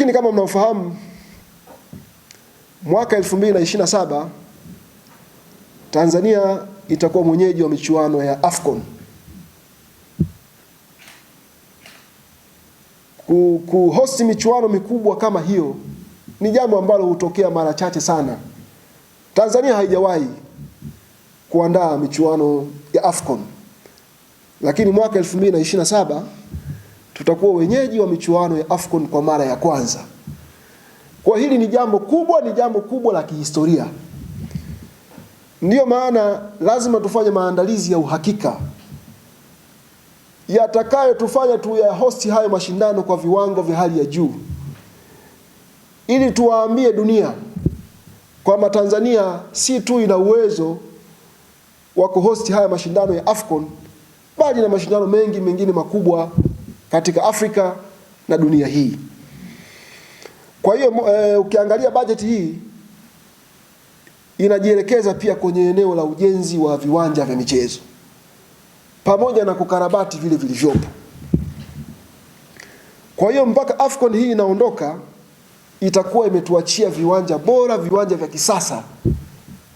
Lakini kama mnaofahamu mwaka 2027 Tanzania itakuwa mwenyeji wa michuano ya AFCON. Kuhosti michuano mikubwa kama hiyo ni jambo ambalo hutokea mara chache sana. Tanzania haijawahi kuandaa michuano ya AFCON, lakini mwaka 2027 tutakuwa wenyeji wa michuano ya AFCON kwa mara ya kwanza. Kwa hili ni jambo kubwa, ni jambo kubwa la kihistoria. Ndiyo maana lazima tufanye maandalizi ya uhakika yatakayotufanya tuyahosti hayo mashindano kwa viwango vya hali ya juu, ili tuwaambie dunia kwamba Tanzania si tu ina uwezo wa kuhosti haya mashindano ya AFCON bali na mashindano mengi mengine makubwa katika Afrika na dunia hii. Kwa hiyo e, ukiangalia bajeti hii inajielekeza pia kwenye eneo la ujenzi wa viwanja vya michezo pamoja na kukarabati vile vilivyopo. Kwa hiyo mpaka Afcon hii inaondoka itakuwa imetuachia viwanja bora, viwanja vya kisasa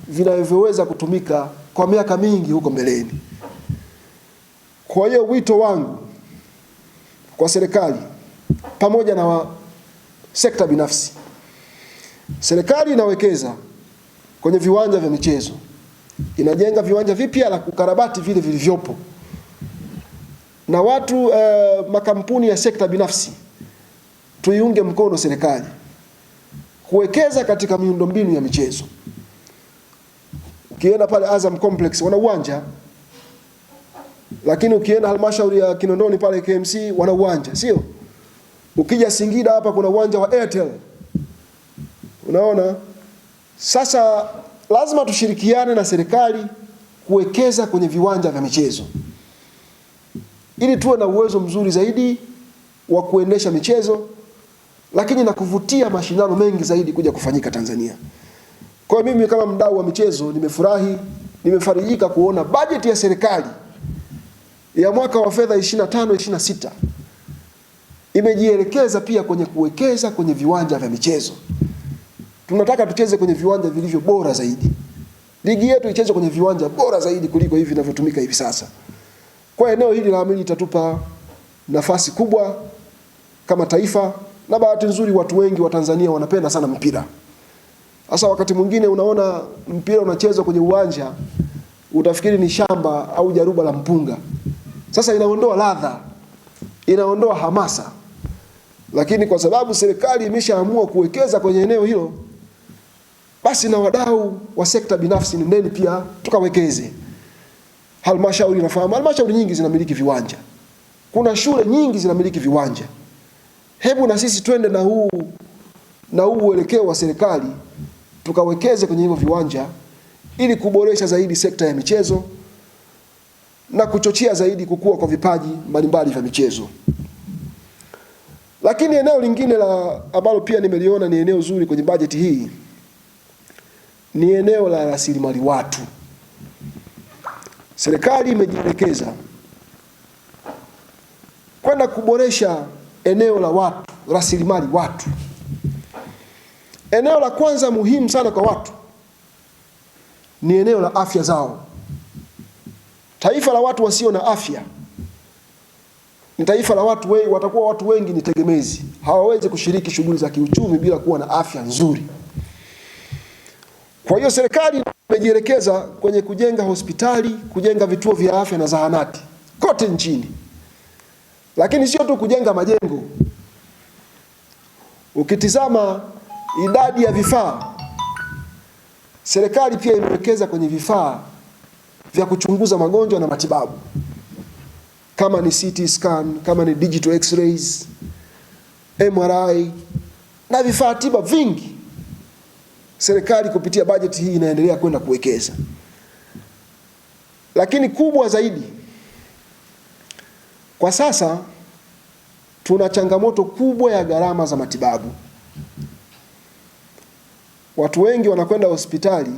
vinavyoweza kutumika kwa miaka mingi huko mbeleni. Kwa hiyo wito wangu kwa serikali pamoja na wa sekta binafsi. Serikali inawekeza kwenye viwanja vya michezo, inajenga viwanja vipya na kukarabati vile vilivyopo, na watu eh, makampuni ya sekta binafsi tuiunge mkono serikali kuwekeza katika miundombinu ya michezo. Ukienda pale Azam Complex wana uwanja lakini ukienda halmashauri ya Kinondoni pale KMC wana uwanja, sio? Ukija Singida hapa kuna uwanja wa Airtel. Unaona? Sasa lazima tushirikiane na serikali kuwekeza kwenye viwanja vya michezo ili tuwe na uwezo mzuri zaidi wa kuendesha michezo, lakini na kuvutia mashindano mengi zaidi kuja kufanyika Tanzania. Kwa hiyo mimi kama mdau wa michezo nimefurahi, nimefarijika kuona bajeti ya serikali ya mwaka wa fedha 25 26 imejielekeza pia kwenye kuwekeza kwenye viwanja vya michezo. Tunataka tucheze kwenye viwanja vilivyo bora zaidi, ligi yetu icheze kwenye viwanja bora zaidi kuliko hivi vinavyotumika hivi sasa. Kwa eneo hili la amini itatupa nafasi kubwa kama taifa, na bahati nzuri watu wengi wa Tanzania wanapenda sana mpira. Sasa wakati mwingine unaona mpira unachezwa kwenye uwanja, utafikiri ni shamba au jaruba la mpunga. Sasa inaondoa ladha, inaondoa hamasa, lakini kwa sababu serikali imeshaamua kuwekeza kwenye eneo hilo, basi na wadau wa sekta binafsi, nendeni pia tukawekeze. Halmashauri nafahamu, halmashauri nyingi zinamiliki viwanja, kuna shule nyingi zinamiliki viwanja. Hebu na sisi twende na huu na huu uelekeo wa serikali tukawekeze kwenye hivyo viwanja ili kuboresha zaidi sekta ya michezo na kuchochea zaidi kukua kwa vipaji mbalimbali vya michezo. Lakini eneo lingine la ambalo pia nimeliona ni eneo zuri kwenye bajeti hii ni eneo la rasilimali watu. Serikali imejielekeza kwenda kuboresha eneo la watu, rasilimali watu. Eneo la kwanza muhimu sana kwa watu ni eneo la afya zao. Taifa la watu wasio na afya ni taifa la watu wengi, watakuwa watu wengi ni tegemezi, hawawezi kushiriki shughuli za kiuchumi bila kuwa na afya nzuri. Kwa hiyo serikali imejielekeza kwenye kujenga hospitali, kujenga vituo vya afya na zahanati kote nchini, lakini sio tu kujenga majengo. Ukitizama idadi ya vifaa, serikali pia imewekeza kwenye vifaa vya kuchunguza magonjwa na matibabu, kama ni CT scan, kama ni digital x-rays, MRI na vifaa tiba vingi. Serikali kupitia bajeti hii inaendelea kwenda kuwekeza, lakini kubwa zaidi kwa sasa tuna changamoto kubwa ya gharama za matibabu. Watu wengi wanakwenda hospitali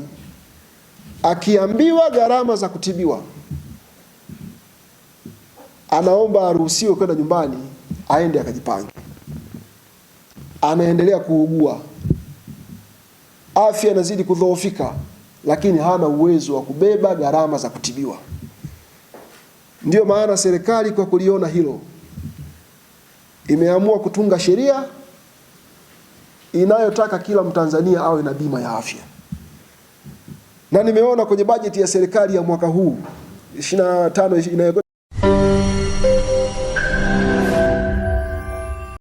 akiambiwa gharama za kutibiwa, anaomba aruhusiwe kwenda nyumbani aende akajipange. Anaendelea kuugua, afya inazidi kudhoofika, lakini hana uwezo wa kubeba gharama za kutibiwa. Ndiyo maana serikali kwa kuliona hilo imeamua kutunga sheria inayotaka kila Mtanzania awe na bima ya afya na nimeona kwenye bajeti ya serikali ya mwaka huu 25 inayokwenda